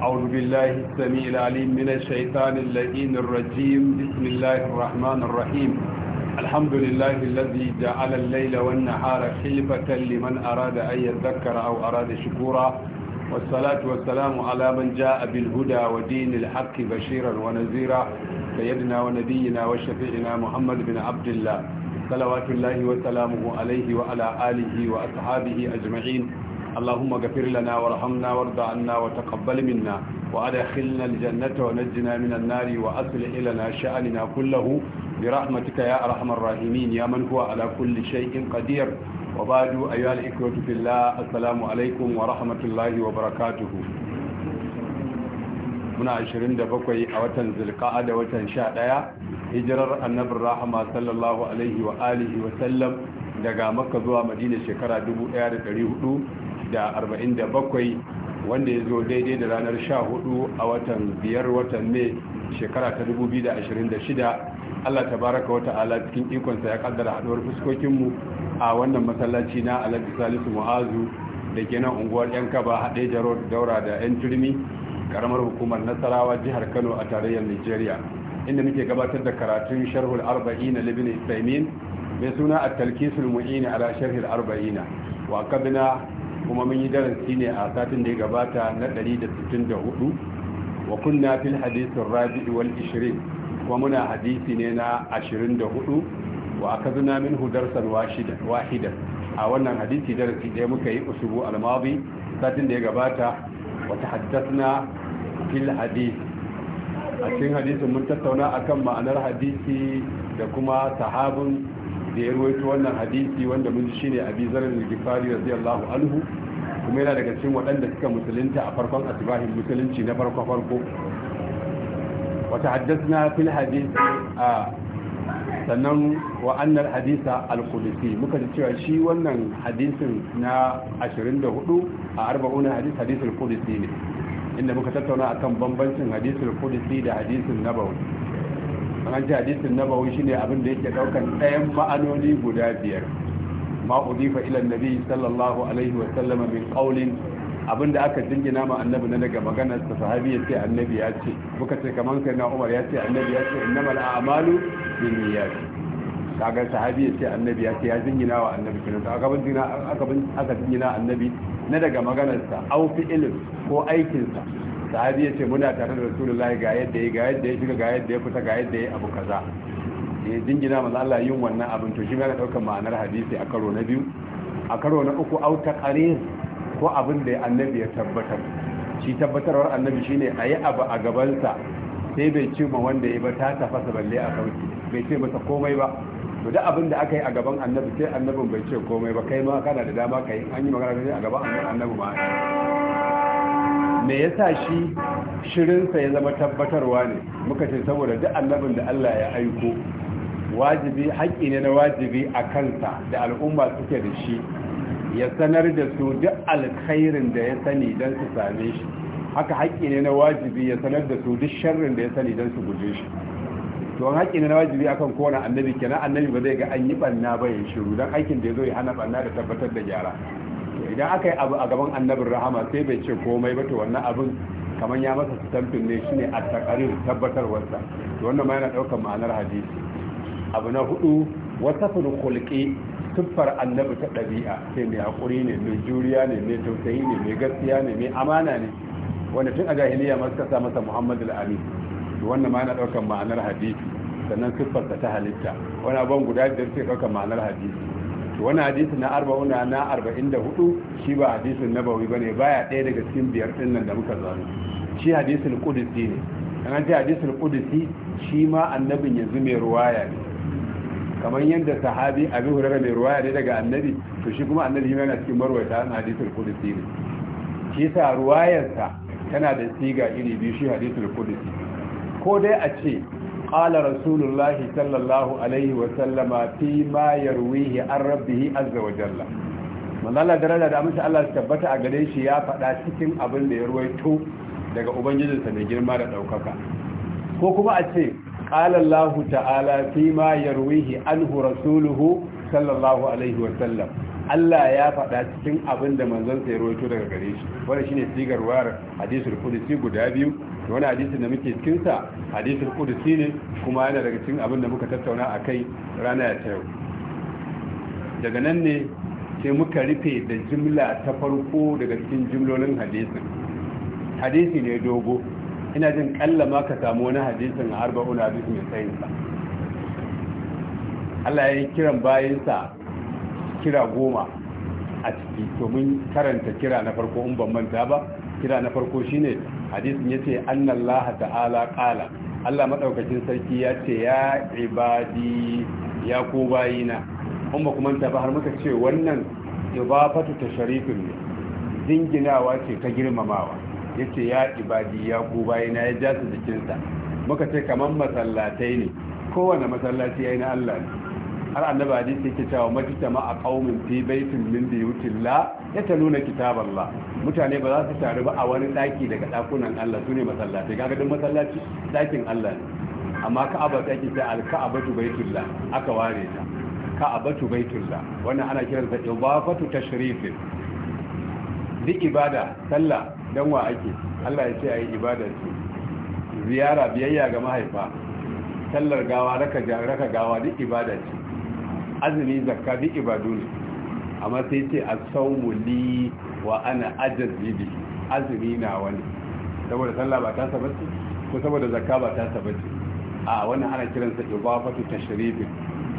أعوذ بالله السميع العليم من الشيطان اللئيم الرجيم بسم الله الرحمن الرحيم الحمد لله الذي جعل الليل والنهار خلفة لمن أراد أن يذكر أو أراد شكورا والصلاة والسلام على من جاء بالهدى ودين الحق بشيرا ونذيرا سيدنا ونبينا وشفيعنا محمد بن عبد الله صلوات الله وسلامه عليه وعلى آله وأصحابه أجمعين اللهم اغفر لنا وارحمنا وارض عنا وتقبل منا وادخلنا الجنة ونجنا من النار وأصلح لنا شأننا كله برحمتك يا أرحم الراحمين يا من هو على كل شيء قدير وبعد أيها الإخوة في الله السلام عليكم ورحمة الله وبركاته muna 27 a watan zulka'a da watan 11 hijirar annabin rahama sallallahu alaihi wa alihi wa sallam daga makka zuwa madina shekara 1400 Da 247 wanda ya zo daidai da ranar 14 a watan 5 watan mai shekara ta 2026 Allah ta baraka wata ala cikin ikonsa ya kaddara haduwar fuskokinmu a wannan masallaci na Alhaji Salisu Mu'azu da ke nan unguwar Yan haɗe jaro daura da Yan Turmi karamar hukumar Nasarawa jihar Kano a tarayyar Nigeria inda muke gabatar da karatun Sharhul arba'ina na Ibn mai suna a talkisul Mu'in ala Sharhul Arba'in wa kabina kuma mun yi darasi ne a satin da ya gabata na 164 wa kunna fil hadithin rabi'i wal 20 kuma muna hadisi ne na 24 wa akazna min hudarsan wahidan a wannan hadisi darasi da muka yi usubu al-madi satin da ya gabata wa tahaddathna fil hadith a cikin hadisin mun tattauna akan ma'anar hadisi da kuma sahabin da ya ruwaito wannan hadisi wanda mun ji shine abi zarar da gifari radiyallahu anhu kuma yana daga cikin waɗanda suka musulunta a farkon asibahin musulunci na farko farko wata na fil hadith a sannan wa hadisa al-qudsi muka ji cewa shi wannan hadisin na 24 a 40 hadis hadis al-qudsi ne inda muka tattauna akan bambancin hadis al-qudsi da hadisin nabawi an hadisin nabawi shine abin da yake daukan ɗayan ma'anoni guda biyar ma udifa ila nabi sallallahu alaihi wa sallama min qawlin abinda aka jingina ma annabi na daga maganar sa sahabi ya ce annabi ya ce muka ce kaman kai na umar ya ce annabi ya ce innamal a'malu binniyat kaga sahabi ya ce annabi ya ce ya jingina wa annabi kenan aka bin aka bin aka jingina annabi na daga maganar sa au fi'il ko aikin sa sahabi ya ce muna tare da rasulullahi ga yadda ya ga yadda ya shiga ga yadda ya fita ga yadda ya abu kaza ne dingina manzo Allah yin wannan abin to shi ma na daukar ma'anar hadisi a karo na biyu a karo na uku au taqrir ko abin da annabi ya tabbatar shi tabbatarwar annabi shine ayi abu a gabansa sai bai ce ma wanda ya ba ta tafasa balle a sauki bai ce masa komai ba to da abin da aka yi a gaban annabi sai annabin bai ce komai ba kai ma kana da dama kai an yi magana sai a gaban annabi ma me yasa shi shirinsa ya zama tabbatarwa ne muka ce saboda duk annabin da Allah ya aiko wajibi haƙƙi ne na wajibi a kansa da al'umma suke da shi ya sanar da su duk alkhairin da ya sani don su same shi haka haƙƙi ne na wajibi ya sanar da su duk sharrin da ya sani don su guje shi to an haƙƙi ne na wajibi akan kowane annabi kenan annabi ba zai ga an yi banna ba ya shiru don aikin da ya zo ya hana banna da tabbatar da gyara idan aka yi abu a gaban annabin rahama sai bai ce komai ba to wannan abin kamar ya masa stampin ne shine a takarir tabbatarwarsa to wannan ma yana daukar ma'anar hadisi abu na hudu sun kulki tuffar annabi ta ɗabi'a sai mai haƙuri ne mai juriya ne mai tausayi ne mai gaskiya ne mai amana ne wanda tun a jahiliya masu kasa masa muhammadu to wannan ma yana daukar ma'anar hadisi sannan tuffarsa ta halitta wani abin guda biyar sai ɗaukar ma'anar hadisi wani hadisi na arba'una na arba'in da hudu shi ba hadisin nabawi ba ne baya ɗaya daga cikin biyar ɗin nan da muka zanu shi hadisin kudisi ne kan an ce hadisin kudisi shi ma annabin yanzu mai ruwaya ne kamar yadda sahabi abin hurara mai ruwaya ne daga annabi to shi kuma annabi yana cikin marwaita na hadisin kudisi ne shi sa ruwayarsa tana da siga iri biyu shi hadisin kudisi ko dai a ce qala rasulullahi sallallahu alaihi wa sallama fi ma yarwihi an rabbihi azza wa jalla manzala daraja da amince tabbata a gare shi ya faɗa cikin abin da ya ruwaito daga ubangijinsa mai girma da ɗaukaka ko kuma a ce qala Allah ta'ala fi ma yarwihi anhu rasuluhu sallallahu alaihi wa sallam Allah ya faɗa cikin abin da manzon sai rawaito daga gare shi wannan shine sigar war hadisul qudsi guda biyu da wani hadisin da muke cikin sa hadisul qudsi ne kuma yana daga cikin abin da muka tattauna akai rana ya ta daga nan ne sai muka rufe da jimla ta farko daga cikin jimlolin hadisin hadisi ne dogo ina jin kalla ma ka samu wani hadisin a arba'un hadisi mai tsayinsa Allah ya yi kiran bayansa kira goma a ciki domin karanta kira na farko in ban manta ba kira na farko shine hadisin ce annallaha ta'ala qala Allah madaukakin sarki ya ce ya ibadi ya ko bayina in ba kuma ba har muka ce wannan ibafatu sharifin ne dinginawa ce ta girmamawa yace ya ibadi ya ko bayina ya jasu jikinsa muka ce kaman masallatai ne kowane masallaci yayin Allah ne har annabi hadisi yake cewa majtama a qaumin fi baitin min nuna yataluna kitaballah mutane ba za su taru ba a wani daki daga dakunan Allah sune masallaci kaga duk masallaci dakin Allah ne amma ka'aba ta ke ta al-ka'abatu baitullah aka ware ta ka'abatu baitullah wannan ana kiran ta ibafatu tashrif duk ibada sallah dan wa ake Allah ya ce ayi ibada ce ziyara biyayya ga mahaifa sallar gawa raka gawa duk ibada ce azumi zakka duk ibadu ne amma sai ce a sawmu li wa ana ajazi azumi na wani saboda sallah ba ta sabace ko saboda zakka ba ta sabace a wannan ana kiransa ibafatu tashrifin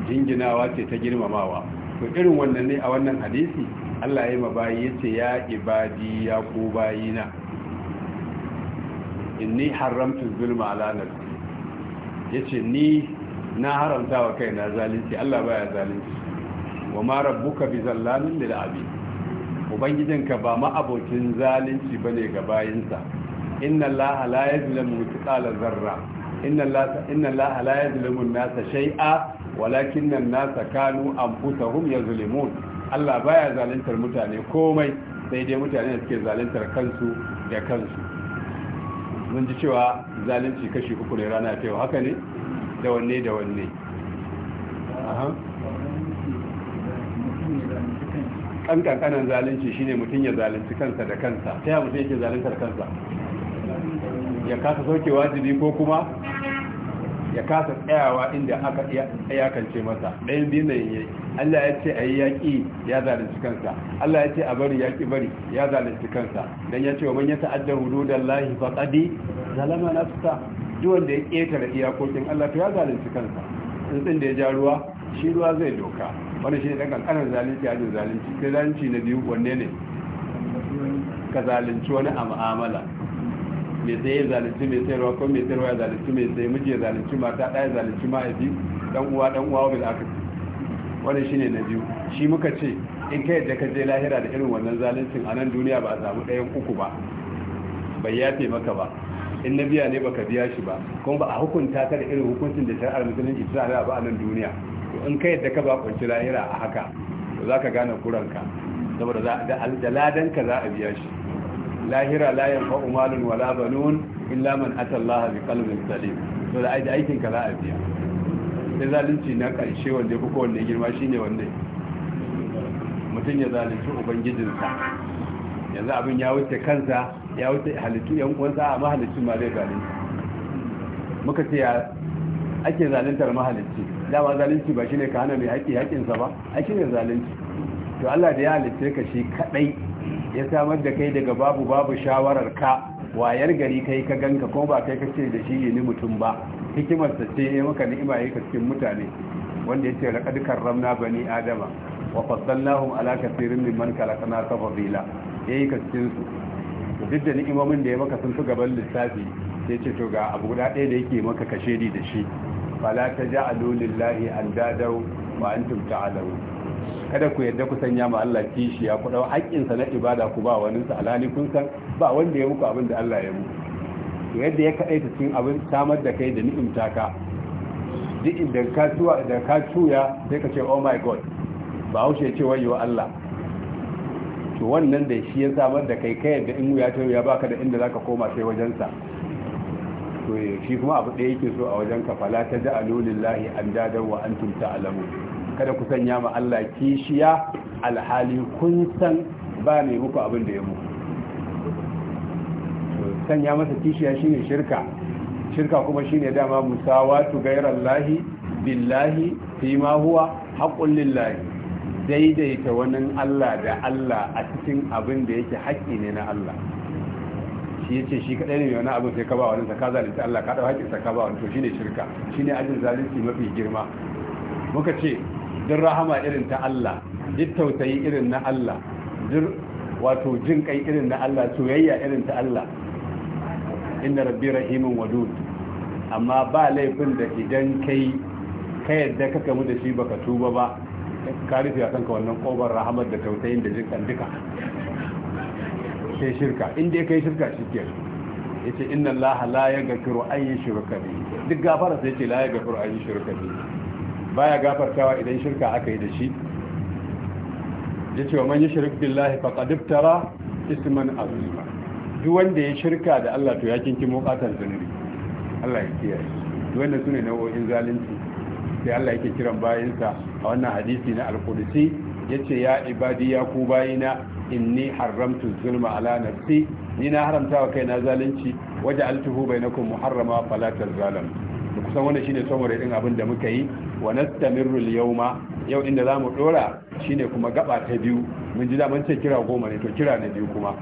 jinginawa ce ta girmamawa to irin wannan ne a wannan hadisi Allah ya yi mabayi ya ce ya ibadi ya ku bayina inni haramtu zulma ala nafsi yace ni na haramta wa kaina zalunci Allah baya zalunci wa ma rabbuka bi zallamin lil abid ubangijinka ba ma abokin zalunci bane ga bayinsa inna allaha la yuzlimu mithqala zarra inna allaha inna allaha la yuzlimu an-nasa shay'a walakinna an-nasa kanu anfusahum yuzlimun Allah baya zaluntar mutane komai sai dai mutane da suke zaluntar kansu da kansu mun ji cewa zalunci kashi uku ne rana ta yau haka ne da wanne da wanne kan kankanan zalunci shine mutum ya zalunci kansa da kansa ta mutum yake zalunta da kansa ya kasa sauke wajibi ko kuma ya kasa tsayawa inda aka iyakance masa ɗayan biyun da yi Allah ya ce a yi yaƙi ya zalunci kansa Allah ya ce a bari yaƙi bari ya zalunci kansa dan ya ce wa man ya ta'adda hududallahi faqad zalama nafsa duk wanda ya ƙetare iyakokin Allah to ya zalunci kansa tsintsin da ya ja ruwa shi ruwa zai doka wani shi ne ɗan ƙanƙanar zalunci ajin zalunci sai zalunci na biyu wanne ne ka zalunci wani a mu'amala mai sai ya zalunci mai sayarwa ko mai sayarwa ya zalunci mai sai miji ya zalunci mata ɗaya zalunci ma'aifi ɗan uwa ɗan uwa wani aka akasi wani shine na biyu shi muka ce in ka yadda ka je lahira da irin wannan zaluncin a nan duniya ba a samu ɗayan uku ba bai fi maka ba in na biya ne ba ka biya shi ba kuma ba a hukunta ta da irin hukuncin da shari'ar musulunci ta da ba a nan duniya to in ka yadda ka ba kwanci lahira a haka to ka gane kuranka saboda da ladanka za a biya shi lahira la yanfa malun wala banun illa man ata Allah bi qalbin salim to da ai aikin ka za a biya sai zalunci na karshe wanda ya ko wanda girma shine wanda mutum ya zalunci ubangijinsa yanzu abin ya wuce kansa ya wuce halittu yan uwansa a halittun ma zai zalunci muka ce ake zaluntar mahalicci dama zalunci ba shine ka hana mai haƙi haƙinsa ba Ake shine zalunci to Allah da ya halitta ka shi kadai ya samar da kai daga babu babu shawarar ka wayar gari kai ka ganka ko ba kai kace da shi ne mutum ba hikimar sa ce ya eh, maka ni'ima yake eh, cikin mutane wanda yace laqad karramna bani adama wa faddalnahum ala kathirin mimman khalaqna tafdila yayi ka cikin su duk da ni'imomin da ya maka sun fi gaban lissafi sai ce to ga abu guda ɗaya da yake maka kashe da shi fala taj'alu lillahi andadaw wa antum ta'lamun kada ku yadda ku sanya ma Allah kishi ku dau haƙƙinsa na ibada ku ba wani sa alhali kun san ba wanda ya muku abin da Allah ya muku to yadda ya kadaita cikin abin samar da kai da ni'imta ka duk inda ka tuwa da ka tuya sai ka ce oh my god ba haushe ce wayo Allah to wannan da shi ya samar da kai kai da in ya ta ya baka da inda zaka koma sai wajensa to shi kuma abu da yake so a wajen ka fala ta ja'alu lillahi andadan wa antum ta'lamun kada ku sanya ma Allah kishiya alhali kun san ba ne muku abin da ya muku sanya masa kishiya shine shirka shirka kuma shine dama musawatu ghairallahi billahi ma huwa haqqul lillahi daidaita wannan Allah da Allah a cikin abin da yake haƙƙi ne na Allah shi yace shi kadai ne wani abin sai ka ba wani ka zalunta Allah ka dau haƙƙin sa ka ba wani to shine shirka shine ajin zalunci mafi girma muka ce jin rahama irin ta Allah duk tausayi irin na Allah duk wato jin kai irin na Allah soyayya irin ta Allah inna rabbi rahimun wadud amma ba laifin da idan kai ka yadda ka kamu da shi baka tuba ba ka rufe a kanka wannan kobar rahamar da tausayin da jin kan duka sai shirka inda ya kai shirka shi ke yace inna allaha la yaghfiru an shirka bi duk gafara sai ce la yaghfiru an shirka bi baya gafartawa idan shirka aka yi da shi ya ce wa man yi billahi faqad iftara isman azima duk wanda ya shirka da Allah to ya kinki mokatan zunubi Allah ya kiyaye duk wanda sune nau'o'in zalunci sai Allah yake kiran bayinsa a wannan hadisi na al-Qudsi yace ya ibadi ya ku bayina inni haramtu zulma ala nafsi ni na haramta wa kaina zalunci waje altuhu bainakum muharrama fala tazalamu da kusan wannan shine saboda din abin da muka yi wa nastamiru al yau inda zamu dora shine kuma gaba ta biyu mun ji da mun ce kira goma ne to kira na biyu kuma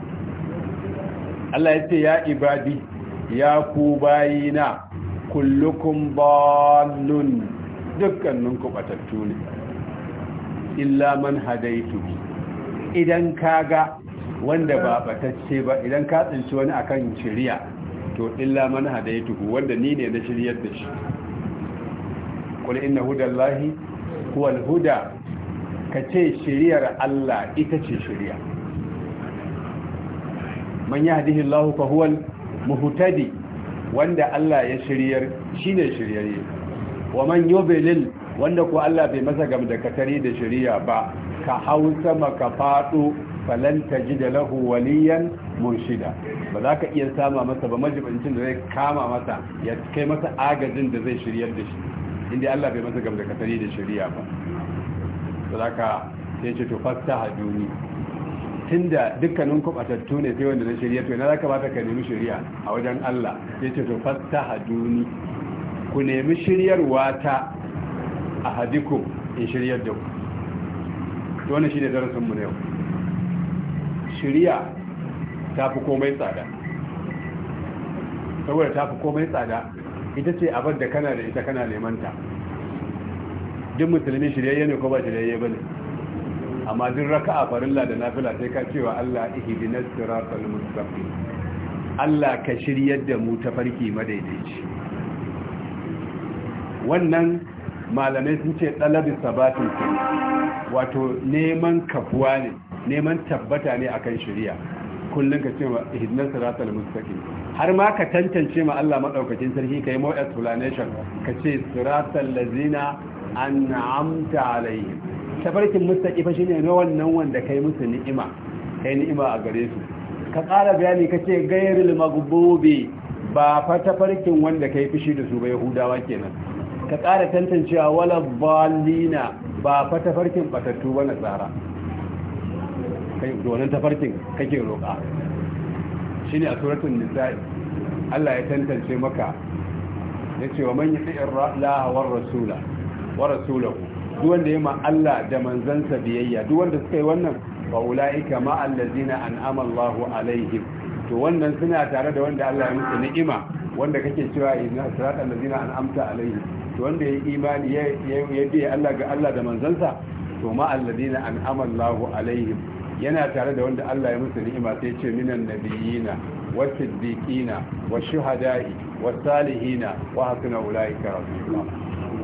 Allah ya ce ya ibadi ya ku bayina kullukum dukkanin ku batattu ne illa man hadaitu idan kaga wanda ba batacce ba idan ka tsinci wani akan shari'a to illa man hadaytuhu wanda ni ne na shiryar da shi kul inna hudallahi huwal huda kace shiryar Allah ita ce shiriya man Allah fa huwal muhtadi wanda Allah ya shiryar shine shiryayye wa man yudlil wanda ko Allah bai masa gamda katari da shiriya ba ka hausa maka fado falan da lahu waliyan murshida ba za ka iya sama masa ba majibancin da zai kama masa ya kai masa agajin da zai shiryar da shi inda Allah bai masa gamda katari da shirya ba ba za ka sai ce to duni tun da dukkanin kubatattu ne sai wanda na shirya to yana za ka ba ka nemi shirya a wajen Allah sai ce to fasta haduni ku nemi shiryarwa ta a hadiku in shiryar da ku to wannan shine na yau shirya ta fi komai tsada saboda ta fi komai tsada ita ce abin da kana da ita kana neman ta duk musulmi shiryayye ne ko ba shiryayye ba ne amma duk raka a farilla da nafila sai ka cewa Allah ihdinas siratal mustaqim Allah ka shiryar da mu ta farki madaidaici wannan malamai sun ce talabi sabatin wato neman kafuwa ne neman tabbata ne akan shari'a Kullum ka ce ma ihdinas siratal mustaqim har ma ka tantance ma Allah madaukakin sarki kai more explanation ka ce siratal ladzina an'amta alaihim tafarkin mustaqi fa shine ne wannan wanda kai musu ni'ima kai ni'ima a gare su ka ƙara bayani ka ce gairul maghdubi ba fa tafarkin wanda kai fishi da su ba yahudawa kenan ka ƙara tantancewa wala Ballina ba fa tafarkin batattu ba na tsara kai wannan tafarkin kake roƙa shine a suratul nisa'i Allah ya tantance maka yace wa man yuti'ir laha war rasula wa rasulahu duk wanda yima Allah da manzansa biyayya duk wanda suka yi wannan fa ulaika ma allazina an'ama Allahu alaihim to wannan suna tare da wanda Allah ya musu ni'ima wanda kake cewa inna sirata allazina an'amta alaihim to wanda ya imani ya biya Allah ga Allah da manzansa to ma alladina an'ama Allahu alaihim yana tare da wanda Allah ya musu ni'ima sai ce minan nabiyina siddiqina wa shuhada'i wa wa salihina, hasuna ka rabbuna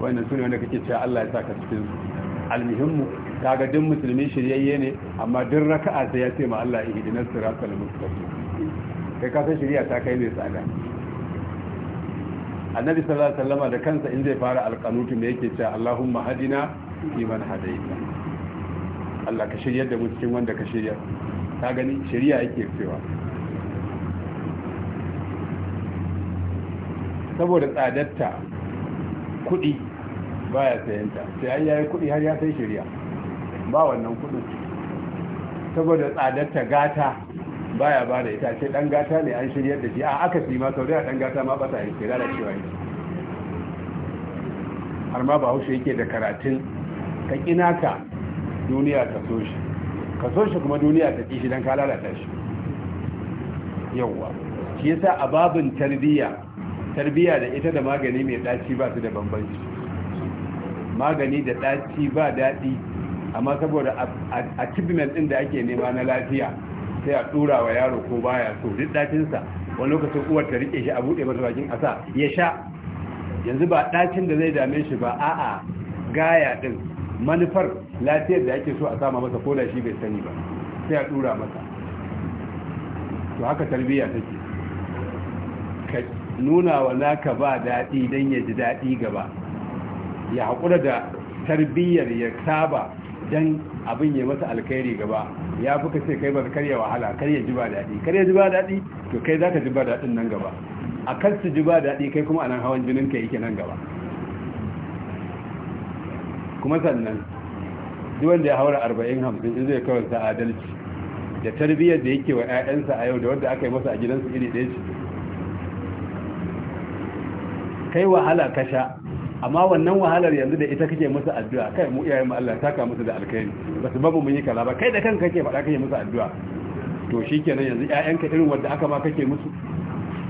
wannan sune wanda kake cewa Allah ya saka cikin su almuhimmu kaga duk musulmi shiryayye ne amma duk raka'a sai ya ce ma Allah ihdinas siratal mustaqim kai ka san shiriya ta kai mai tsada annabi sallallahu alaihi wasallama da kansa in zai fara alqanutu me yake cewa Allahumma hadina fi man hadaita Allah ka shirya da mu cikin wanda ka shirya ka gani shari'a yake cewa saboda tsadarta kuɗi baya sayanta sai an yayi kuɗi har ya sai shari'a ba wannan kuɗin saboda tsadarta gata baya ba da ita ce dan gata ne an shirya da shi a aka fi ma sau da dan gata ma ba ta yi kira da cewa yi har ma ba haushe yake da karatun ka ka duniya ta so shi ka so shi kuma duniya ta ƙi shi don ka lalata shi yawwa shi yasa a babin tarbiyya tarbiyya da ita da magani mai ɗaci ba su da bambanci magani da ɗaci ba daɗi amma saboda a tibiment ɗin da ake nema na lafiya sai a ɗura wa yaro ko baya so duk ɗacinsa wani lokacin uwar ta riƙe shi a buɗe masa bakin ƙasa ya sha yanzu ba ɗacin da zai dame shi ba a'a gaya ɗin manufar lafiyar da ake so a sama masa ko da shi bai sani ba sai a dura masa to haka tarbiyya take ka nuna wa naka ba daɗi don ya ji daɗi gaba ya haƙura da tarbiyyar ya saba don abin ya masa alkhairi gaba ya fi ka ce kai ba karya wahala karya ji ba daɗi karya ji ba daɗi to kai za ka ji ba daɗin nan gaba a kan su ji ba daɗi kai kuma a nan hawan jinin ka yake nan gaba kuma sannan duk wanda ya haura arba'in hamsin in zai kawai sa adalci da tarbiyyar da yake wa 'ya'yansa a yau da wanda aka yi masa a gidansu iri ɗaya ce kai wahala ka sha amma wannan wahalar yanzu da ita kake masa addu'a kai mu iyayen Allah ka musu da alkhairi ba su babu mun yi kalaba. ba kai da kanka kake faɗa kake masa addu'a to shikenan yanzu ƴaƴanka irin wanda aka ma kake musu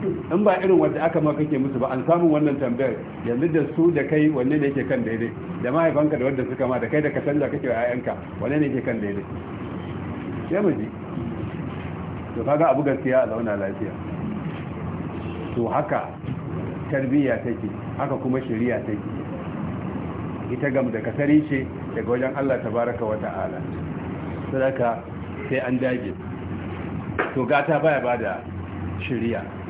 in ba irin wanda aka ma kake musu ba an samu wannan tambayar yanzu da su da kai wanne ne yake kan daidai da mahaifanka da wanda suka ma da kai da ka canza kake wa 'ya'yanka wanne ne yake kan daidai sai mu ji to kaga abu gaskiya a zauna lafiya to haka tarbiyya take haka kuma shari'a take ita gam da kasari ce daga wajen Allah tabaraka wa ta'ala sadaka sai an dage to gata baya bada shari'a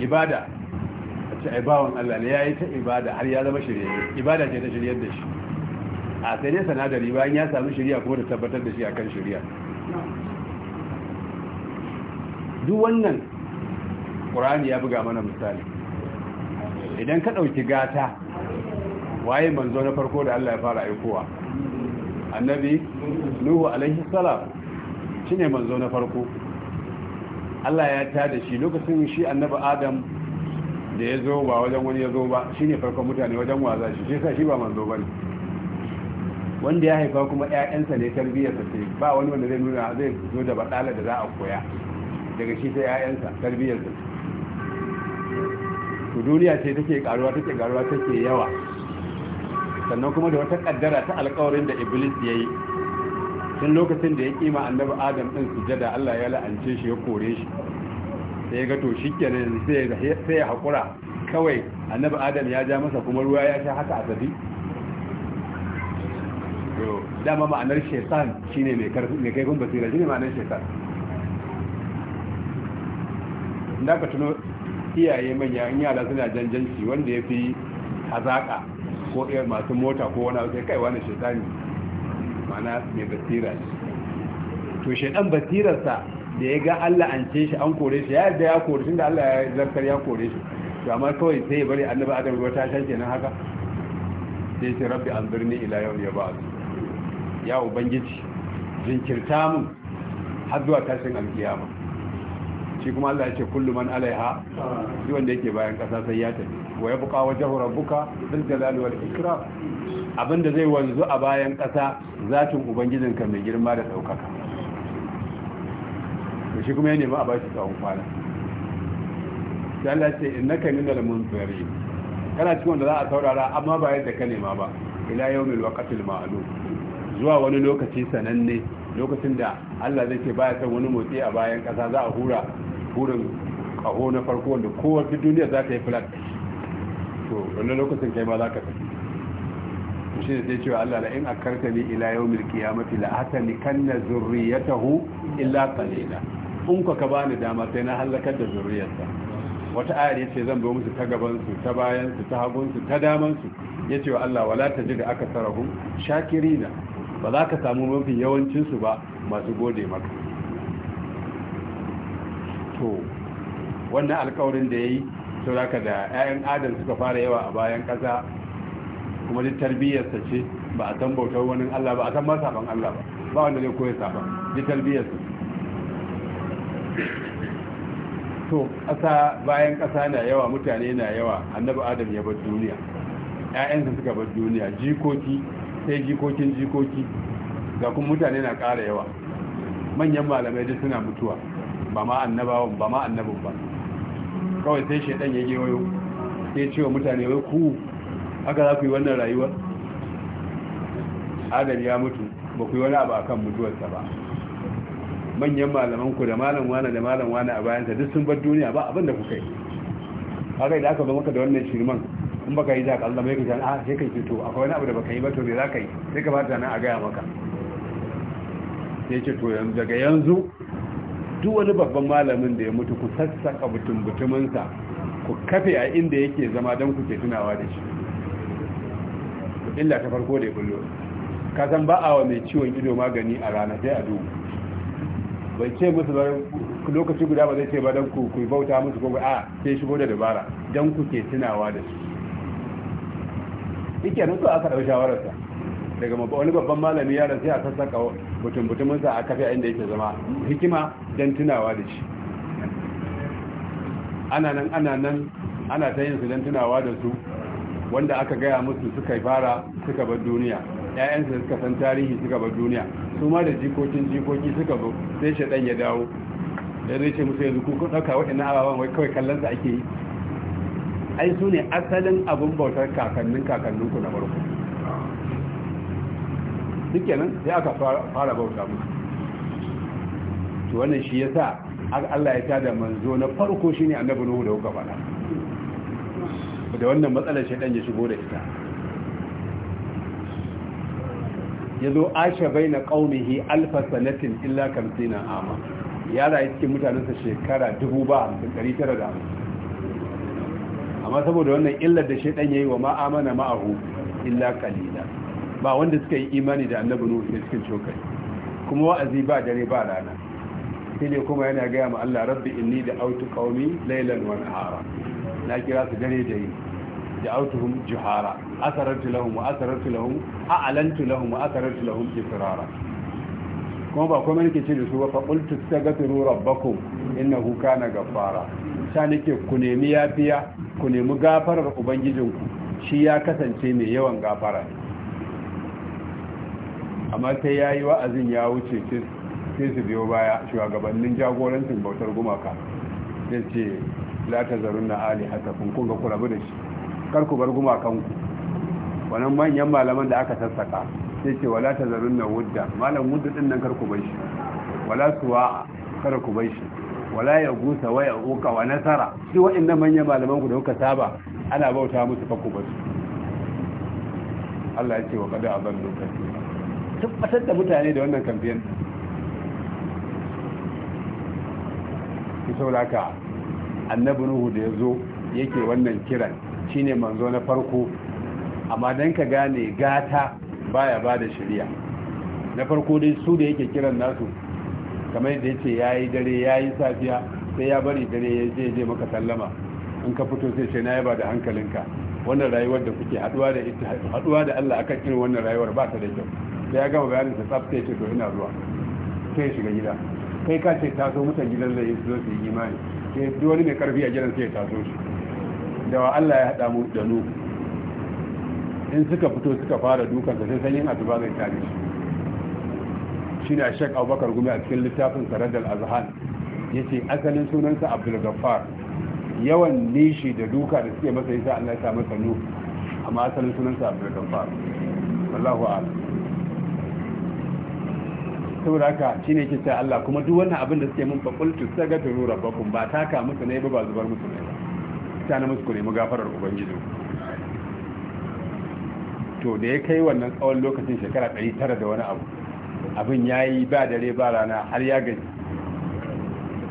ibada a ce aibawan Allah ne ya yi ta ibada har ya zama shirya ibada ce ta shirya da shi a sai dai sanadari bayan ya sami shirya kuma da tabbatar da shi akan shirya duk wannan ƙurani ya buga mana misali idan ka ɗauki gata waye manzo na farko da Allah ya fara aikowa annabi nuhu alaihi salam shine manzo na farko Allah ya ta da shi lokacin shi annabi Adam da ya zo ba wajen wani ya zo ba shine farkon mutane wajen waza shi shi sa shi ba manzo ne. wanda ya haifa kuma 'ya'yansa ne tarbiyyarsa ce ba wani wanda zai nuna zai zo da baɗala da za a koya daga shi sai 'ya'yansa tarbiyyarsa Ku duniya ce take karuwa take karuwa take yawa sannan kuma da wata ƙaddara ta alƙawarin da iblis ya yi. tun lokacin da ya kima annabi adam din sujada Allah ya la'ance shi ya kore shi sai ya ga to shikenan sai sai ya haƙura. kawai annabi adam ya ja masa kuma ruwa ya sha haka asabi to dama ma'anar shaitan shine mai kai mai kaifin basira shine ma'anar shaitan da ka tuno iyaye manya in yara suna janjanci wanda ya fi hazaƙa, ko iya masu mota ko wani sai kaiwa na shaitani mana mai basira to shaidan basirarsa da ya ga Allah an ce shi an kore shi ya yarda ya kore shi da Allah ya zartar ya kore shi to amma kawai sai ya bari annabi adam ya ta kenan haka sai ce rabbi birni ila yawm yab'ath ya ubangiji jinkirta mun har zuwa tashin alkiyama shi kuma Allah ya ce kullu man alaiha duk wanda yake bayan kasa sai ya tafi wa ya buƙa wajen rabuka zil jalali wa ikira abinda zai wanzu a bayan ƙasa zafin ubangijinka mai girma da ɗaukaka da shi kuma ya nemi a bashi tsawon kwana shi Allah ce in innaka da al munzirin kana cikin wanda za a saurara amma ba yadda ka nema ba ila yau mai lokacin ma'alu zuwa wani lokaci sananne lokacin da Allah zai ce baya san wani motsi a bayan ƙasa za a hura hurin ƙaho na farko wanda kowace duniya za ta yi flat to wani lokacin kai ma za ka tafi shi ne sai cewa Allah la'in akarta ne ila yau milki ya mafi la'atani kan na hu illa kalila in ka ka bani dama sai na hallakar da zurriyarsa wata ayar ya ce zan bi musu ta gabansu ta bayansu ta hagunsu ta damansu ya ce wa Allah wala ta ji da aka sarahu shakirina ba za ka samu mafi yawancinsu ba masu gode maka to wannan alkawarin da ya yi sauraka da 'ya'yan adam suka fara yawa a bayan ƙasa kuma duk tarbiyyarsa ce ba a san bautar wani Allah ba a san ma saban Allah ba ba wanda zai koya saba duk tarbiyyarsa to ƙasa bayan ƙasa na yawa mutane na yawa annabi adam ya bar duniya 'ya'yansa suka bar duniya jikoki sai jikokin jikoki ga kuma mutane na ƙara yawa manyan malamai duk suna mutuwa ba ma annabawan ba ma annabin ba kawai sai shaidan ya gewayo sai cewa mutane wai ku haka za ku yi wannan rayuwar adam ya mutu ba ku yi wani abu akan mutuwarsa ba manyan malaman ku da malam wane da malam wane a bayansa duk sun bar duniya ba abinda ku kai haka idan aka zo maka da wannan shirman in baka yi za ka Allah mai kajan a ah, sai kai fito akwai wani abu da baka yi ba to me za ka yi sai ka ta nan a gaya maka sai ce to yanzu daga yanzu duk wani babban malamin da ya mutu ku sassaka mutum-mutuminsa ku kafe a inda yake zama don ku ke tunawa da shi illa ta farko da ya bullo kasan ba a wa mai ciwon ido magani a rana sai a duhu bai ce musu ba lokaci guda ba zai ce ba don ku ku bauta musu ko a sai shigo da dabara don ku ke tunawa da su ike nan su aka ɗau shawararsa daga wani babban malami yaran sai a sassaka mutum butuminsa a kafa inda yake zama hikima don tunawa da shi ana nan ana nan ana ta yin su don tunawa da su wanda aka gaya musu suka fara suka bar duniya ‘ya'yansu da suka san tarihi suka bar duniya su ma da jikokin jikoki suka bu sai shaɗan ya dawo da zai ce musu yanzu kuka ɗauka waɗannan ababen wai kawai kallonsa ake yi ai su ne asalin abin bautar kakannin kakanninku na farko duk sai aka fara bauta musu to wannan shi yasa Allah ya tada manzo na farko shine annabi Nuhu da kuka fara? da wannan matsalar shedan ya shigo da ita yazo asha baina qaumihi alfa sanatin illa na ama ya rayu cikin mutanensa shekara 2950 amma saboda wannan illar da shedan yayi wa ma amana ma'ahu illa kalila ba wanda suka yi imani da annabi nuhu sai cikin cokali kuma wa'azi ba dare ba rana sai ne kuma yana gaya ma Allah rabbi inni da autu qaumi laylan wa nahara na kira su dare da yi da autuhum juhara asarartu lahum wa asarartu lahum a'lantu lahum wa asarartu lahum israra kuma ba kuma nake ce da su ba fa qultu astaghfiru rabbakum innahu kana ghaffara sha nake ku nemi yafiya ku nemi gafarar ubangijinku shi ya kasance mai yawan gafara ne amma sai ya yi wa'azin ya wuce sai su biyo baya shugabannin jagorancin bautar gumaka ya ce za ta zarun na ali hata kun ga kurabu da shi kar ku bar gumakanku wannan manyan malaman da aka sassaka ya ce wala ta zarun na wudda malam wudda din nan kar ku bar shi wala suwa kar ku bai shi wala ya gusa wa ya uka wa nasara shi wa'annan manyan malaman ku da kuka saba ana bauta musu fa ku su Allah ya ce wa kada azan lokaci tabbatar da mutane da wannan kamfiyan, sau da annabi nuhu da ya zo yake wannan kiran shine manzo na farko amma don ka gane gata baya ba da shirya na farko dai su da yake kiran nasu kamar yadda ya ce ya yi dare ya yi safiya sai ya bari dare ya je je maka sallama in ka fito sai ce na yaba da hankalinka wannan rayuwar da kuke haduwa da ita haduwa da Allah akan irin wannan rayuwar ba ta da kyau sai ya gama bayanin sa tsafta ce to ina zuwa sai shiga gida kai ka ce taso mutan gidan zai yi zo su yi imani sai duk wani mai karfi a gidan sai ya taso shi da wa Allah ya hada mu da nu in suka fito suka fara dukan sai sanyin asuba zai tare shi shine Sheikh Abubakar Gumi a cikin littafin Saradal Azhan yace asalin sunansa Abdul Ghaffar yawan nishi da duka da suke masa yasa Allah ya sa masa nu amma asalin sunan sa Abdul Gaffar Allahu a'lam saboda haka shine yake cewa Allah kuma duk wannan abin da suke mun fa saga sagatu rabbakum ba taka musu ne ba ba zubar musu ne ta na musu ne mu ubangiji to da ya kai wannan tsawon lokacin shekara 900 da wani abu abin yayi ba dare ba rana har ya gaji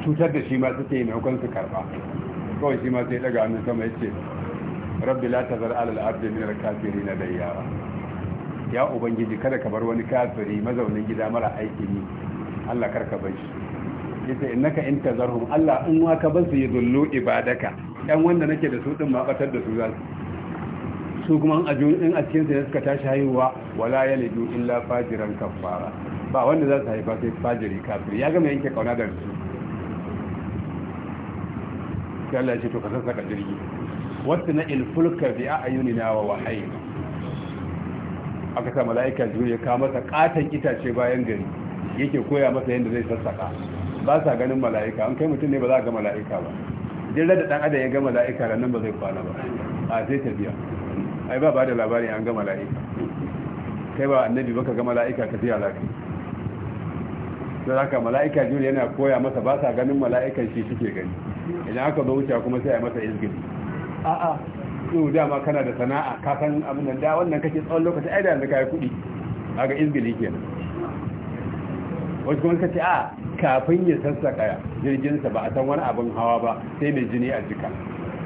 cutar da shi ma suke yi maimakon su karba kawai shi ma sai daga hannun sama yace rabbi la tazar alal ardi min al-kafirin dayyara ya ubangiji kada ka bar wani kafiri mazaunin gida mara aiki ni Allah karka bar shi yace innaka in tazarhum Allah in wa ka bar su yadullu ibadaka yan wanda nake da su din ma batar da su za su su kuma in a cikin sai suka tashi haihuwa wala yalidu illa fajiran kafara ba wanda za su haifa sai fajiri kafiri ya gama yanke kauna da su sai Allah ya ce to ka sassaka jirgi wasu na ilfulka bi a na wa wahayi aka sa mala'ika jiyo ya kawo masa katon itace bayan gari yake koya masa yadda zai sassaka ba sa ganin mala'ika an kai mutum ne ba za a ga mala'ika ba jirgin da dan adam ya ga mala'ika ranar ba zai kwana ba a sai tafiya ai ba ba da labarin an ga mala'ika kai ba annabi baka ga mala'ika tafiya za ka don haka mala'ika juri yana koya masa ba sa ganin mala'ikan shi suke gani idan aka zo wuce kuma sai a masa izgidi a'a su dama kana da sana'a ka san abin nan da wannan kake tsawon lokaci ai da yanzu yi kuɗi izgiri ke nan. wasu kuma suka ce a kafin ya sassaka jirginsa ba a san wani abin hawa ba sai mai jini a jika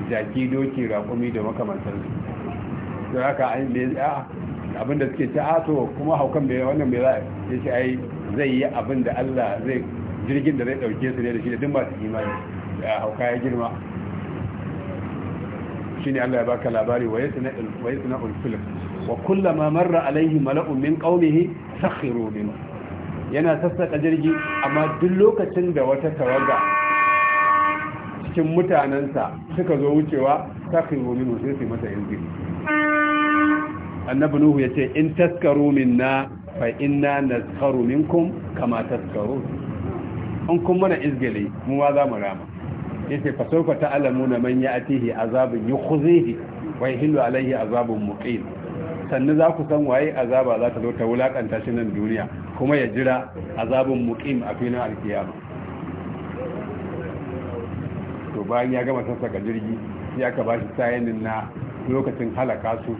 jaki doki raƙumi da makamantansu su haka da suke ce a to kuma haukan mai wannan mai za a ce zai yi abin da Allah zai jirgin da zai dauke su ne da shi da duk masu imani da hauka ya girma ne Allah ya baka labari wa yasna wa ulfilin? al-fulk wa kullama marra alaihi mala'un min qaumihi sakhiru minhu yana sassaka jirgi amma duk lokacin da wata tawaga cikin mutanensa suka zo wucewa sakhiru minhu sai su masa yanzu annabi nuhu yace in taskaru minna fa inna nazkaru minkum kama tazkaru An kun mana izgale mu wa za mu rama yace fa sawfa ta'lamuna man ya'tihi azabun yukhzihi wa yahillu alayhi azabun muqim sannan za ku san waye azaba za ta zo ta wulakanta shi nan duniya kuma ya jira azabun muqim a filin alkiyama to bayan ya gama sassaka jirgi sai aka bashi tayinin na lokacin halaka su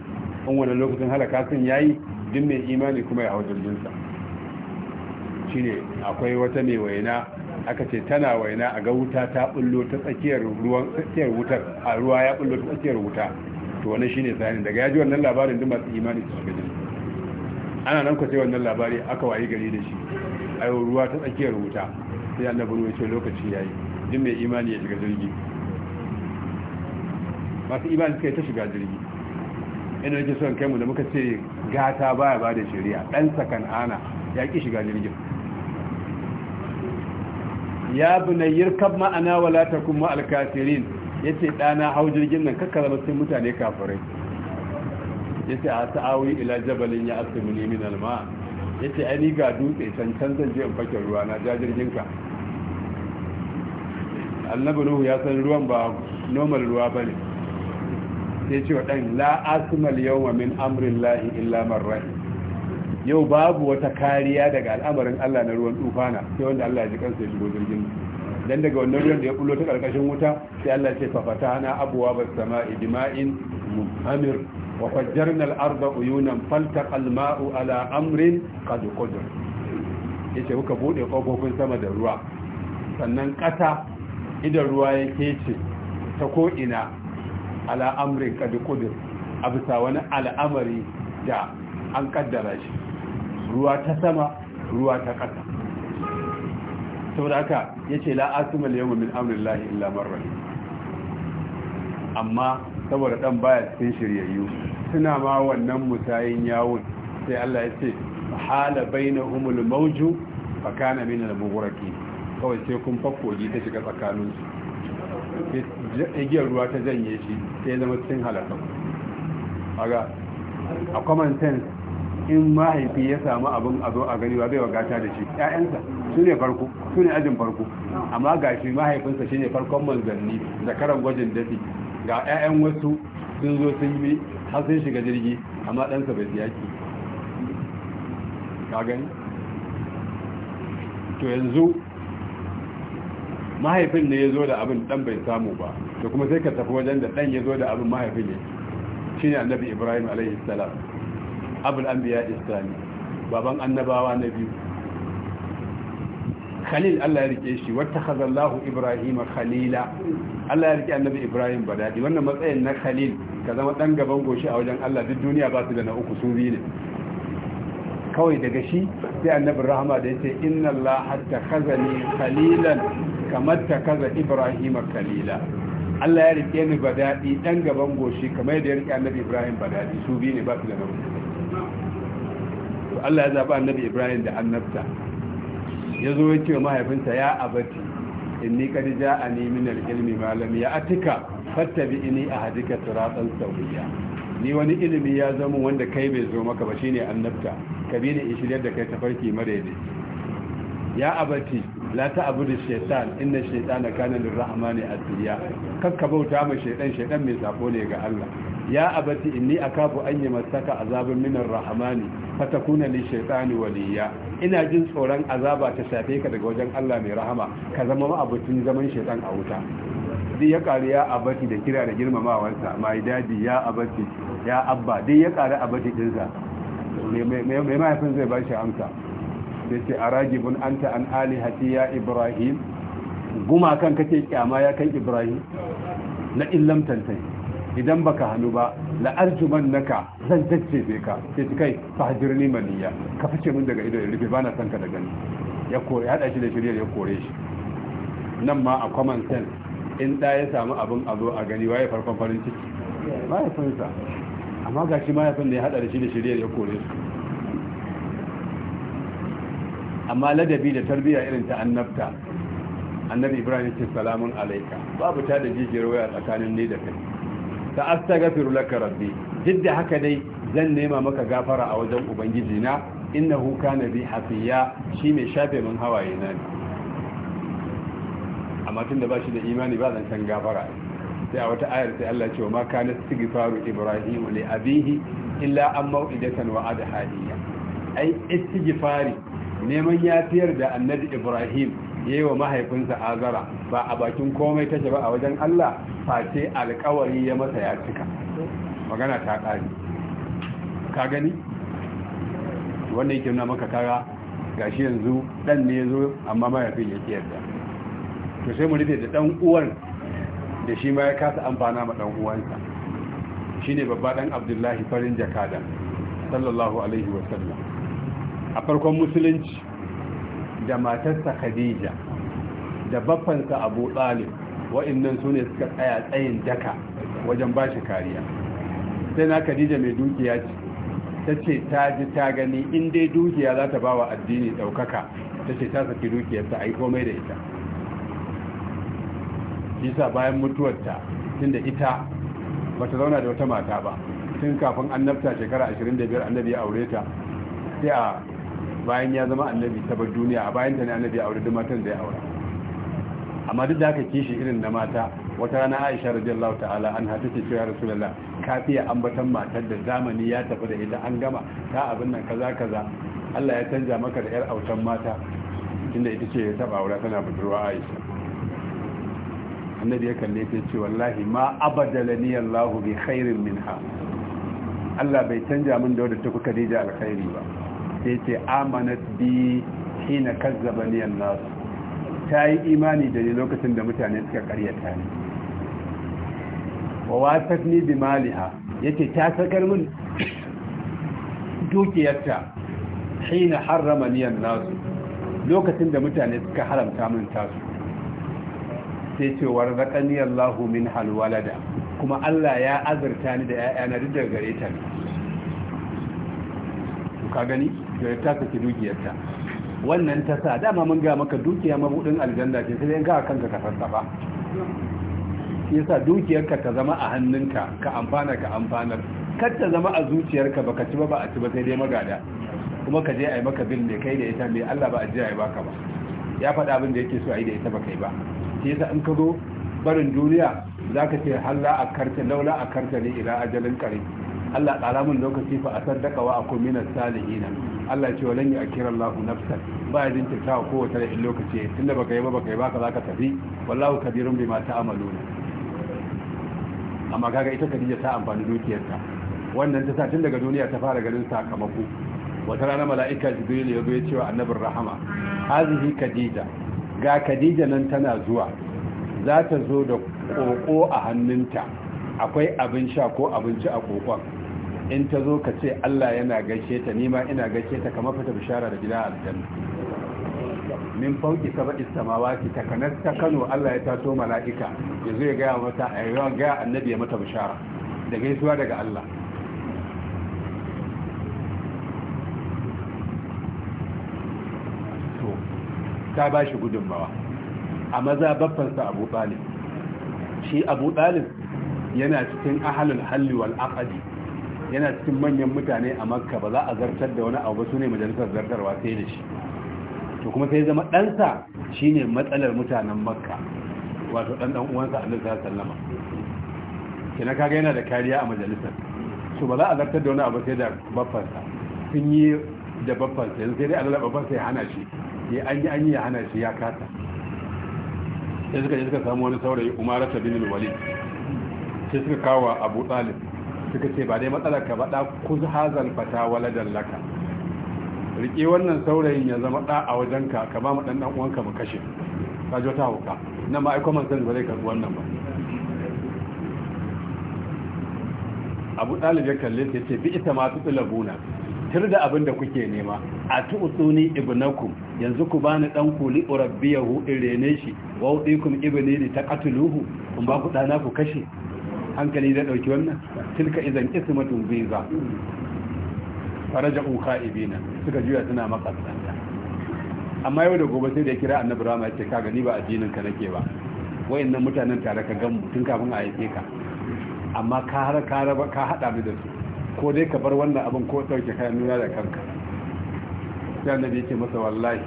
in wani lokacin halaka sun yayi duk mai imani kuma ya hau shi ne akwai wata mai waina aka ce tana waina a ga wuta ta bullo ta tsakiyar ruwan tsakiyar wutar a ruwa ya bullo ta tsakiyar wuta to wannan shine sani daga yaji wannan labarin duk masu imani su shiga jirgi ana nan kwace wannan labari aka wayi gari da shi a ruwa ta tsakiyar wuta sai annabi ruwa ce lokaci ya yi duk mai imani ya shiga jirgi masu imani suka yi ta shiga jirgi ina yake son kai mu da muka ce gata baya ba da shari'a dan sakan ana ya ki shiga jirgin ya bunayyir yirkab ma'ana wala takum ma al-kafirin yace dana hau jirgin nan kakkar zama sai mutane kafirai yace a sa'awi ila jabalin ya asmini min alma yace Ani ga dutse can can zan je in fake ruwa na ja jirgin ka annabi nuhu ya san ruwan ba normal ruwa bane sai ce wa ɗan la'asimal yau min amrin lahi illa marrahi yau babu wata kariya daga al'amarin Allah na ruwan tufana sai wanda Allah ya ji kansa ya shigo jirgin dan daga wannan ruwan da ya bullo ta karkashin wuta sai Allah ya ce fa fatana abwa bas sama'i dima'in muhammir wa fajjarna al-arda uyunan faltaqa al-ma'u ala amrin qad qadir yace muka bude kofofin sama da ruwa sannan kasa idan ruwa ya ce ta ko ina ala amrin qad a bisa wani al'amari da an kaddara shi ruwa ta sama ruwa ta ƙasa saboda haka yace la asmal yawma min amrillahi amma saboda dan baya cikin shiryayyu suna ma wannan mutayin yawon sai Allah ya ce hala bainahumul mawju fa kana min al-mughraqin kawai sai kun fakkoji ta shiga tsakaninsu igiyar ruwa ta janye shi sai zama cikin halaka aga a common sense in mahaifi ya samu abin a zo a gani ba bai wagata da shi ƴaƴansa su ne farko su ne ajin farko amma ga shi mahaifinsa shi ne farkon manzanni zakaran gwajin dafi ga ƴaƴan wasu sun zo sun yi har sun shiga jirgi amma ɗansa bai ki ka gani to yanzu mahaifin ne ya zo da abin dan bai samu ba da kuma sai ka tafi wajen da dan ya zo da abin mahaifin ne shine annabi ibrahim alaihi salam abul anbiya islami baban annabawa na biyu khalil Allah ya rike shi wata khazallahu ibrahim khalila Allah ya rike annabi ibrahim badadi wannan matsayin na khalil ka zama dan gaban goshi a wajen Allah duk duniya ba su da na uku su biyu ne kawai daga shi sai annabin rahama da yace inna Allah hatta khazani khalilan kamar ta kaza ibrahim kalila Allah ya rike ni daɗi dan gaban goshi kamar yadda ya rike annabi ibrahim badadi su biyu ne ba su da nauyi to Allah ya zaba annabi ibrahim da annabta ya zo ya ce mahaifinsa ya abati inni kad ja'ani min al-ilmi ma lam ya'tika fattabi'ni ahadika siratan sawiya ni wani ilimi ya zama wanda kai bai zo maka ba shine annabta in shirya da kai tafarki madaidaici ya abati la ta'budu shaytan inna ne a lirrahmani atiya kakka bauta ma shaitan shaitan mai sako ne ga Allah ya abati inni akafu an yamassaka azabun min arrahmani fatakuna lishaytani waliya ina jin tsoron azaba ta shafe ka daga wajen Allah mai rahama ka zama ma abutin zaman shaitan a wuta dai ya ƙari ya abati da kira da girmamawarsa mai dadi ya abati ya abba dai ya ƙari abati dinsa mai mahaifin zai ba shi amsa sai ce aragibun anta an alihati ya ibrahim gumakan kake kyama ya kan ibrahim na illam tantai idan baka hannu ba la arjuman naka zan tace ka sai kai fahjirni maniya ka fice min daga ido rufe ba na san ka da gani ya kore hada shi da shirya ya kore shi nan ma a common sense in da ya samu abin a zo a gani waye farkon farin ciki ba ya sa amma gashi ma ya san da ya hada da shi da shirya ya kore shi amma ladabi da tarbiya irin ta annabta annabi ibrahim ce salamun alaika babu ta da jijiyar waya tsakanin ni da kai ta astaghfiru laka rabbi duk da haka dai zan nema maka gafara a wajen ubangiji na innahu kana bi hafiya shi mai shafe min hawaye na ne amma tunda ba shi da imani ba zan san gafara sai a wata ayar sai Allah ce wa ma kana istighfaru ibrahim li abihi illa an mau'idatan wa'ada hadiya ai istighfari neman yafiyar da annabi ibrahim ya yi wa mahaifinsa azara ba a bakin komai ta ba a wajen allah face alkawari ya masa ya cika magana ta ƙari ka gani wannan yake nuna maka kara gashi yanzu dan ne ya zo amma mahaifin ya da to sai mu rufe da dan uwan da shi ma ya kasa amfana ma dan uwansa shine babba dan abdullahi farin jakadan sallallahu alaihi wasallam a farkon musulunci da matarsa khadija da baffansa abu ɗalib wa'annan su ne suka tsaya tsayin daka wajen ba shi kariya sai na khadija mai dukiya ce ta ce ta ji ta gani in dai dukiya za ta ba wa addini ɗaukaka ta ce ta saki dukiyarta a yi komai da ita isa bayan mutuwarta tun da ita ba ta zauna da wata mata ba tun kafin annabta shekara 25 annabi ya aure ta sai a bayan ya zama annabi ta bar duniya a bayan ta ne annabi aure da matan da ya aura amma duk da haka kishi irin na mata wata rana Aisha radiyallahu ta'ala anha take cewa Rasulullah kafiya an batan matar da zamani ya tafi da ita an gama ta abin nan kaza kaza Allah ya canja maka da yar autan mata tunda ita ce ya taba aure tana budurwa Aisha annabi ya kalle ta ce wallahi ma abadalani Allah bi khairin minha Allah bai canja min da wadda ta ku Khadija alkhairi ba sai ce amanat bi hina kazzaba ni ta yi imani da ni lokacin da mutane suka karyata ni wa wasatni bi maliha yace ta sakar min dukiyarta hina harrama ni nasu. lokacin da mutane suka haramta min tasu sai ce warzaqani Allahu min halwalada kuma Allah ya azurta ni da ƴaƴana duk daga gare ta ka gani da ya taka dukiyarta wannan ta sa dama mun ga maka dukiya mabudin aljanna ce sai ga kanka ka sassafa yasa dukiyarka ta zama a hannunka ka amfana ka amfanar kar ta zama a zuciyarka baka ci ba ba a ci ba sai dai magada kuma ka je ai maka bil mai kai da ita mai Allah ba a je a baka ba ya faɗa abin da yake so a da ita ba kai ba shi yasa in ka zo barin duniya zaka ce halla a karta laula a karta ne ila ajalin kare Allah ƙara min lokaci fa a saddaka wa aku na. salihin Allah ce walan a kiran Allah nafsa ba ya dinta ta ko wata in lokaci tunda baka yi ba baka yi ba ka zaka tafi wallahu kabirun bima ta'maluna amma kaga ita Khadija ta amfani dukiyarta wannan ta sa tun daga duniya ta fara ganin sakamako wata rana mala'ika jibril ya zo ya ce annabin rahama hazihi Khadija ga Khadija nan tana zuwa za ta zo da koko a hannunta akwai abin sha ko abinci a kokon in ta zo ka ce Allah yana gaishe ta nima ina gaishe ta kamar fata bishara da gida aljanna min fauki sab'i samawati ta kanar ta Kano Allah ya taso mala'ika ya zo ya gaya mata a ayyuwa ga annabi ya mata bishara da gaisuwa daga Allah to ta ba shi gudunmawa a maza babbansa Abu Talib shi Abu Talib yana cikin ahalin halli wal yana cikin manyan mutane a makka ba za a zartar da wani abu su ne majalisar zartarwa sai da shi to kuma sai zama ɗansa shine matsalar mutanen makka wato ɗan ɗan uwansa annabi sallama kina kaga yana da kariya a majalisar su ba za a zartar da wani abu sai da baffansa sun yi da baffansa yanzu sai dai Allah baffansa ya hana shi ya an yi an yi ya hana shi ya kasa sai suka je suka samu wani saurayi umarata bin walid sai suka kawo abu talib suka ce ba dai matsalar ka bada ku hazan fata waladan laka riƙe wannan saurayin ya zama ɗa a wajen ka ba mu ɗan ɗan uwanka mu kashe ka jo ta hauka nan ma aiko manzan ba zai karɓi wannan ba abu ɗalib ya kalle ta ce bi ita masu tsilabuna tir da abin da kuke nema a tu'utuni ibnakum yanzu ku bani dan ku li urabbiyahu irene shi wa udikum ibni taqatuluhu kun ba ku dana ku kashe hankali zai ɗauki wannan tilka izan ismatun biza faraja'u kha'ibina suka juya suna makasanta amma yau da gobe sai da kira annabi rama ya ce ka gani ba addinin ka nake ba wayannan mutanen tare ka gan tun kafin a yake ka amma ka har ka raba ka hada mu da su ko dai ka bar wannan abin ko sauke kayan nuna da kanka sai annabi ce masa wallahi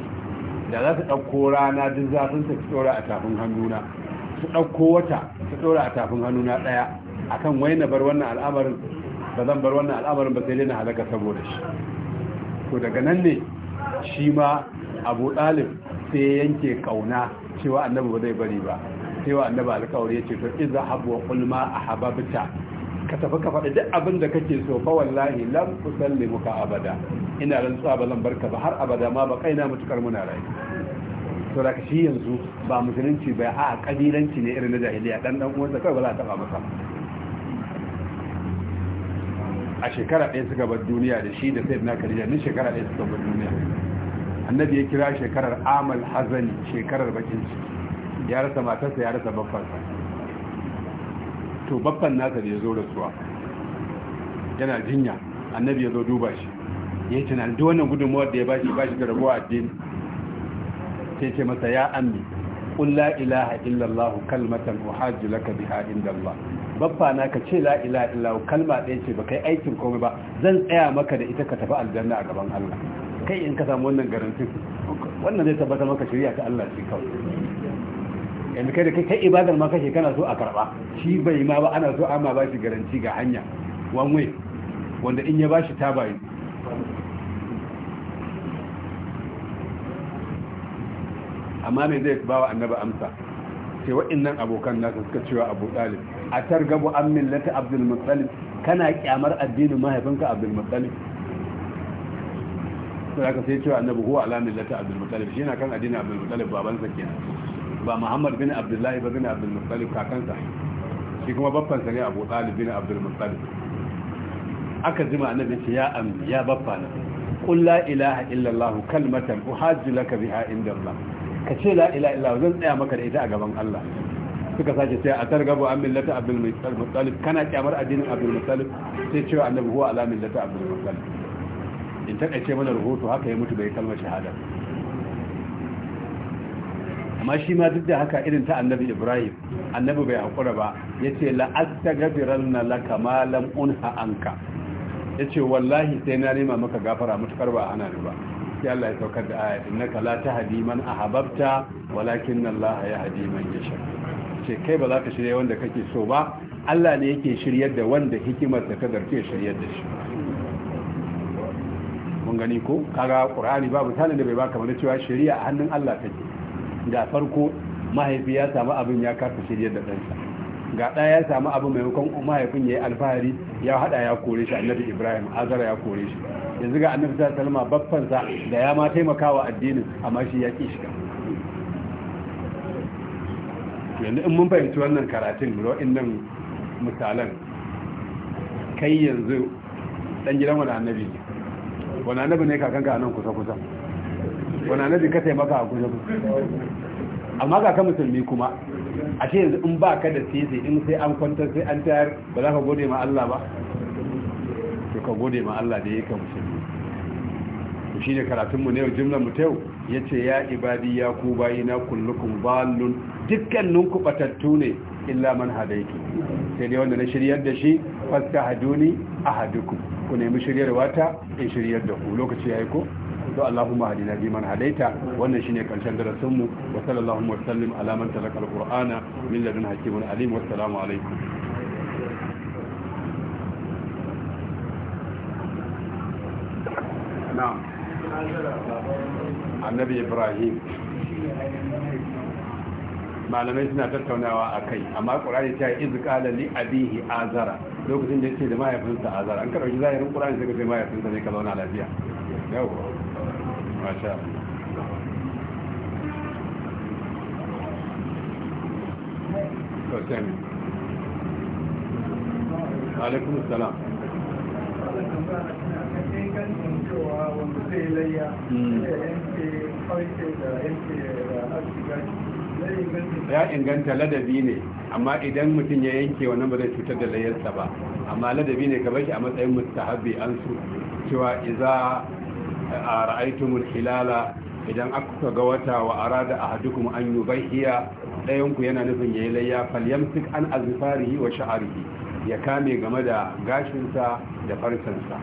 da za su ɗauko rana duk zafin su tsora a tafin hannuna su ɗauko wata su tsora a tafin hannuna ɗaya akan wai na bar wannan al'amarin ba zan bar wannan al'amarin ba sai dai na halaka saboda shi to daga nan ne shi ma abu ɗalib sai yanke kauna cewa annabi ba zai bari ba sai wa annabi alƙawari ya ce to iza habu wa kulma a hababta ka tafi ka faɗi duk abin da kake so fa wallahi lam usallimuka abada ina rantsuwa ba zan barka ba har abada ma ba kaina mutukar muna rai to da shi yanzu ba musulunci ba a kabilanci ne irin na jahiliya dan dan uwansa kai ba za ta taba masa a shekara ɗaya suka bar duniya da shi da sayyid na khadija ni shekara ɗaya suka bar duniya annabi ya kira shekarar amal hazani shekarar bakin ciki ya rasa matarsa ya rasa babbansa to babban nasa da ya zo da rasuwa yana jinya annabi ya zo duba shi ya ce na, duk wannan gudunmuwar da ya bashi bashi da rabuwa addini sai ce masa ya ammi qul la ilaha illallah kalmatan uhajju laka biha inda Allah baffa na ka ce la ila illa kalma ɗaya ce ba kai aikin komai ba zan tsaya maka da ita ka tafi aljanna a gaban Allah kai in ka samu wannan garanti wannan zai tabbata maka shari'a ta Allah shi kawai yanzu kai da kai ibadar ma kake kana so a karba shi bai ma ba ana so amma ba shi garanti ga hanya one way wanda in ya ba shi tabayi amma me zai ba wa annaba amsa sai wa'annan abokan nasa suka cewa abu dalib a targabu an millata abdul muttalib kana kyamar addinin mahaifinka abdul muttalib sai aka sai cewa annabi huwa ala millata abdul muttalib shi yana kan addinin abdul muttalib babansa kenan ba muhammad bin abdullahi ba bin abdul muttalib kakansa shi kuma babbansa ne abu dalib bin abdul muttalib aka jima annabi ce ya am ya babba na qul la ilaha illa allah kalmatan uhajju laka biha inda allah ka ce la ila illa zan tsaya maka da ita a gaban Allah suka sake sai a targabu an millata abdul mutalib kana kyamar addinin abdul mutalib sai cewa annabi huwa ala millata abdul mutalib in ta kace mana rahoto haka ya mutu bai kalmar shahada amma shi ma duk da haka irin ta annabi ibrahim annabi bai hakura ba yace la astaghfiranna laka ma lam unha anka yace wallahi sai na nema maka gafara mutakar ba hana ni ba sai Allah ya saukar da aya innaka la tahdi man ahbabta walakin Allah yahdi man yasha ce kai ba za ka shirye wanda kake so ba Allah ne yake shiryar da wanda hikimar ta garke shiryar da shi mun gani ko kaga Qur'ani babu tana da bai baka mana cewa shari'a a hannun Allah take da farko mahaifi ya samu abin ya kafa shiryar da ɗansa ga ɗaya ya samu abu maimakon mahaifin ya yi alfahari ya haɗa ya kore shi annabi ibrahim azara ya kore shi yanzu ga annabi sa salma baffansa da ya ma taimakawa addinin amma shi ya ƙi shiga yanzu in mun fahimci wannan karatun in nan misalan kai yanzu ɗan gidan wani annabi ne wani annabi ne kakan ga nan kusa-kusa wani annabi ka taimaka a kusa-kusa amma kakan musulmi kuma a ce yanzu in ba ka da tese in sai an kwantar sai an tayar ba za ka gode ma Allah ba to ka gode ma Allah da ya ka musulmi to shi ne karatunmu ne yau jimlar mutau ya ce ya ibadi ya ku bayi na kullukun balun dukkanin ku batattu ne illa man hadaiki sai dai wanda na shiryar da shi fasta haduni a haduku ku nemi shiryar ta in shiryar da ku lokaci ya yi ko to Allahumma hadina bi man hadaita wannan shine karshen darasin mu wa sallallahu wa sallim ala man talaka alqur'ana min ladun hakimin alim wassalamu alaikum na'am annabi ibrahim malamai suna tattaunawa a kai amma ƙurani ta yi izikala li abihi azara lokacin da ya ce da mahaifinsa azara an karɓar shi zahirin ƙurani sai ka ce mahaifinsa ne ka zauna lafiya yau alaikun salam hmm. ya inganta ladabi ne amma idan mutum ya yanke wannan ba zai cutar da layarsa ba amma ladabi ne ka bashi a matsayin mustahabi an su cewa iza ra'aytumul hilala idan aka ga wata wa arada ahadukum an yubayhiya iya. ɗayanku yana nufin yayi layya falyamsik an azfarihi wa sha'rihi ya kame game da gashinsa da farcensa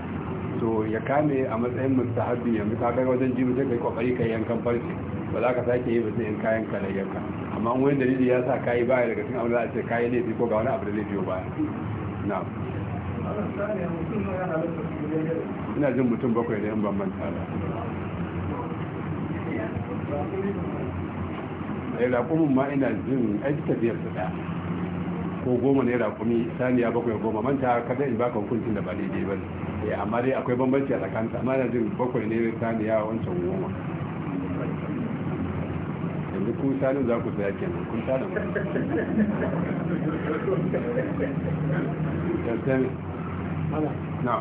to ya kame a matsayin mustahabbi yanzu ka kai wajen jibi sai kai kokari kai yankan farce ba za ka sake yi ba sai in kayan ka amma wani dalili ya sa kayi baya daga cikin abin da a kayi laifi ko ga wani abu da zai biyo baya ina jin mutum bakwai da yan ban manta ba a eh, rakumin ma ina jin aiki tafiyar su da. ko goma ne rakumi saniya bakwai goma manta kada in baka hukuncin da ba daidai ba ne eh, amma dai akwai bambanci a tsakanin amma ina jin bakwai ne saniya wancan goma yanzu ku sanin za ku saya kenan kun tada mu na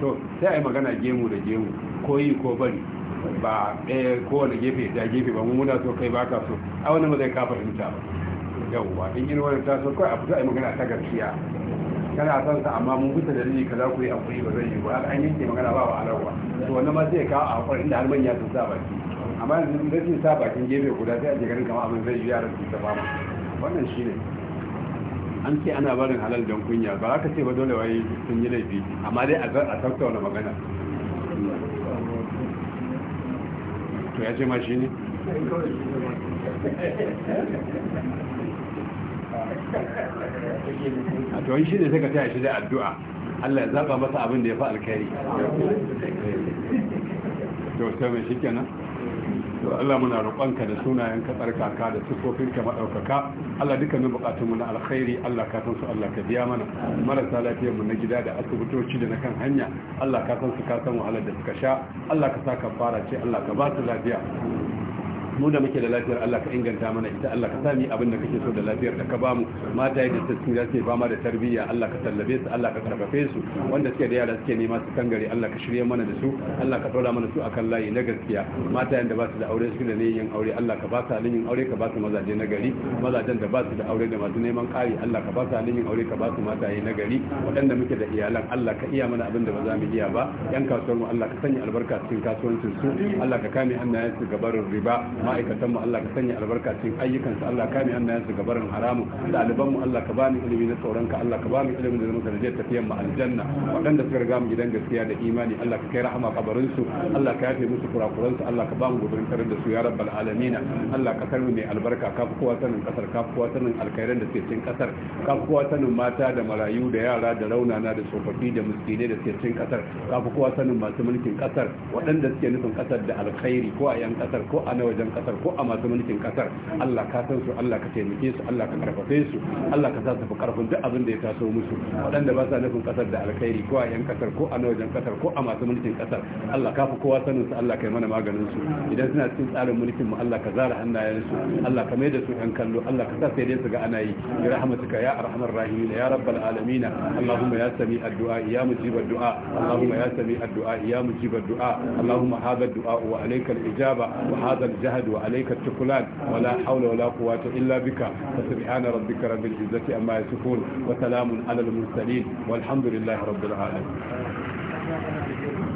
to sai a yi magana gemu da gemu ko yi ko bari ba ɗaya eh, kowane gefe da gefe ba muna so kai ba ka so a wani ma zai kafa fahimta ba yawwa in yin wani ta so kai a fito a yi magana ta gaskiya kana san sa amma mun fita da rini kaza ku yi akwai ba zai yi ba an yanke magana ba wa alawa to wannan ma zai kawo a hakuri inda har manya sun sa baki amma yanzu rashin sa bakin gefe guda sai a je ganin kamar abin zai yi yaran su ta fama wannan shine an ce ana barin halal don kunya ba aka ce ba dole wai sun yi laifi amma dai a wani magana to ya ce ma shi ne a to shi ne sai ka taya shi da addu'a Allah ya zaba masa abin da ya fi alkhairi to sai mai shi kenan to Allah muna roƙonka da sunayen ka tsarkaka da sifofin ka madaukaka Allah dukkanin bukatun mu na alkhairi Allah ka san su Allah ka biya mana marasa lafiyar mu na gida da asibitoci da na kan hanya Allah ka san su ka san wahalar da suka sha Allah ka saka fara ce Allah ka ba su lafiya mu da muke da lafiyar Allah ka inganta mana ita Allah ka sami abin da kake so da lafiyar da ka ba mu mata yadda ta cikin zasu fama da tarbiyya Allah ka tallabe su Allah ka karfafe su wanda suke da yara suke nema su kangare Allah ka shirye mana da su Allah ka dora mana su akan layi na gaskiya mata da ba su da aure suke da ne yin aure Allah ka ba su halin yin aure ka ba su mazaje na gari mazajen da ba su da aure da masu neman kari Allah ka ba su halin yin aure ka ba su mataye na gari waɗanda muke da iyalan Allah ka iya mana abin da ba za mu iya ba yan kasuwar mu Allah ka sanya albarka cikin kasuwancin su Allah ka kame hannayen su gabarin riba ma'aikatan mu Allah ka sanya albarka cikin ayyukansu Allah ka mi annayan su gabarin haramu aliban mu Allah ka bani ilimi na tsoron ka Allah ka bani ilimi da zama sanadiyar tafiyan mu aljanna waɗanda suka riga mu gidan gaskiya da imani Allah ka kai rahama kabarin su Allah ka yafe musu kurakuran su Allah ka ba mu gudun karin da su ya rabbal alamina Allah ka karbi mai albarka ka fi kowa sanin kasar ka fi kowa sanin alkhairan da ke cikin kasar ka fi kowa sanin mata da marayu da yara da raunana da tsofaffi da miskinai da ke cikin kasar ka fi kowa sanin masu mulkin kasar waɗanda suke nufin kasar da alkhairi ko a yan kasar ko a na wajen kasar ko a masu mulkin kasar Allah ka san su Allah ka taimake su Allah ka karfafe su Allah ka sa su karfin duk abin da ya taso musu waɗanda ba sa nufin kasar da alkhairi ko a yan kasar ko a wajen kasar ko a masu mulkin kasar Allah ka fi kowa sanin su Allah ka yi mana maganin su idan suna cikin tsarin mulkin mu Allah ka zara hannayen su Allah ka mai da su yan kallo Allah ka sa sai dai su ga ana yi bi rahmatuka ya arhamar rahimin ya rabbal alamin Allahumma ya sami addu'a ya addu'a Allahumma ya sami addu'a ya mujib addu'a Allahumma hadha ijaba وعليك التكلان ولا حول ولا قوة إلا بك فسبحان ربك رب العزة أما يصفون وسلام على المرسلين والحمد لله رب العالمين